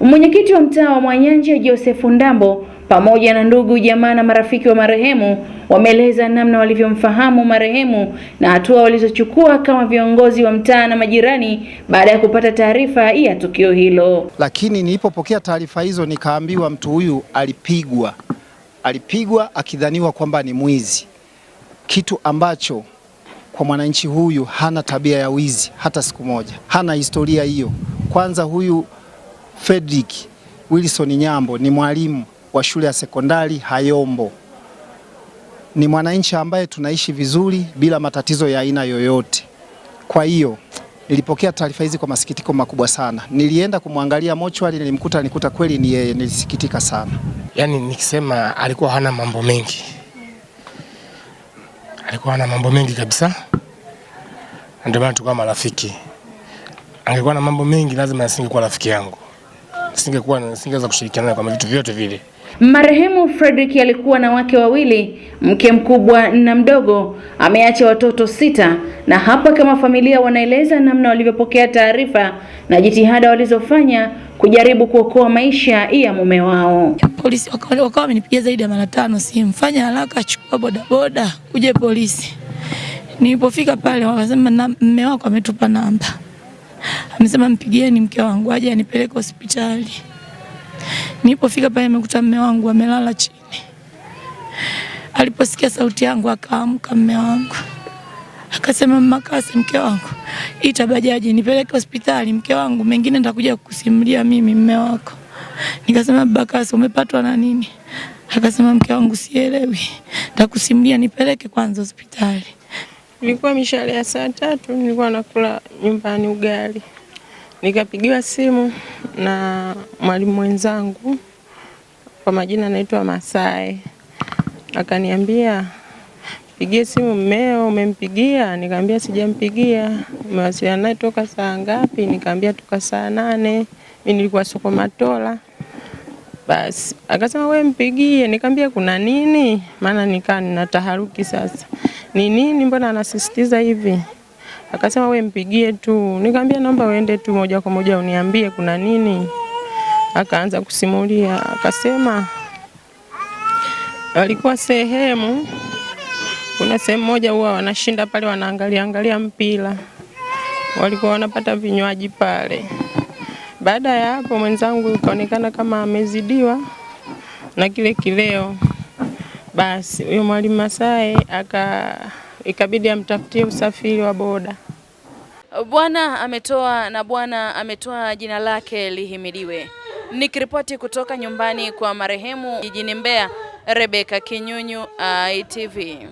Mwenyekiti wa mtaa wa Mwanyanje Joseph Ndambo pamoja na ndugu jamaa na marafiki wa marehemu wameeleza namna walivyomfahamu marehemu na hatua walizochukua kama viongozi wa mtaa na majirani baada ya kupata taarifa ya tukio hilo. Lakini nilipopokea taarifa hizo nikaambiwa mtu huyu alipigwa, alipigwa akidhaniwa kwamba ni mwizi, kitu ambacho kwa mwananchi huyu hana tabia ya wizi hata siku moja, hana historia hiyo. Kwanza huyu Fredrick Wilson Nyambo ni mwalimu wa shule ya sekondari Hayombo. Ni mwananchi ambaye tunaishi vizuri bila matatizo ya aina yoyote. Kwa hiyo nilipokea taarifa hizi kwa masikitiko makubwa sana. Nilienda kumwangalia mochwari, nilimkuta nikuta kweli ni yeye, nilisikitika sana. Yaani nikisema alikuwa hana mambo mengi, alikuwa hana mambo mengi kabisa, ndio maana tukawa marafiki. Angekuwa na mambo mengi, lazima asingekuwa rafiki yangu singekuwa nisingeweza kushirikiana kwa vitu vyote vile. Marehemu Frederick alikuwa na wake wawili, mke mkubwa na mdogo. Ameacha watoto sita, na hapa kama familia wanaeleza namna walivyopokea taarifa na jitihada walizofanya kujaribu kuokoa maisha ya mume wao. Polisi wakawa wamenipigia zaidi ya mara tano simu, fanya haraka, chukua bodaboda, uje polisi. Nilipofika pale wakasema mume wako ametupa namba amesema mpigieni mke wangu aje anipeleke hospitali. Nilipofika pale nimekuta mume wangu amelala chini. Aliposikia sauti yangu akaamka mume wangu akasema, mama Kasi, mke wangu ita bajaji nipeleke hospitali, mke wangu, mengine nitakuja kukusimulia mimi mume wako. Nikasema, baba Kasi, umepatwa na nini? Akasema, mke wangu, sielewi, nitakusimulia, nipeleke kwanza hospitali. Nilikuwa mishale ya saa tatu, nilikuwa nakula nyumbani ugali. Nikapigiwa simu na mwalimu mwenzangu kwa majina anaitwa Masai, akaniambia pigie simu mmeo, umempigia? Nikaambia sijampigia. Umewasiliana naye toka saa ngapi? Nikaambia toka saa nane. Mimi nilikuwa soko Matola. Basi akasema we mpigie. Nikaambia kuna nini? Maana nikaa nina taharuki sasa, ni nini, mbona anasisitiza hivi? Akasema we mpigie tu. Nikamwambia naomba uende tu moja kwa moja uniambie kuna nini. Akaanza kusimulia, akasema walikuwa sehemu, kuna sehemu moja huwa wanashinda pale, wanaangalia angalia mpira, walikuwa wanapata vinywaji pale. Baada ya hapo, mwenzangu kaonekana kama amezidiwa na kile kileo, basi huyo mwalimu Masai aka ikabidi amtafutie usafiri wa boda. Bwana ametoa na Bwana ametoa, jina lake lihimidiwe. Nikiripoti kutoka nyumbani kwa marehemu jijini Mbeya, Rebeka Kinyunyu, ITV.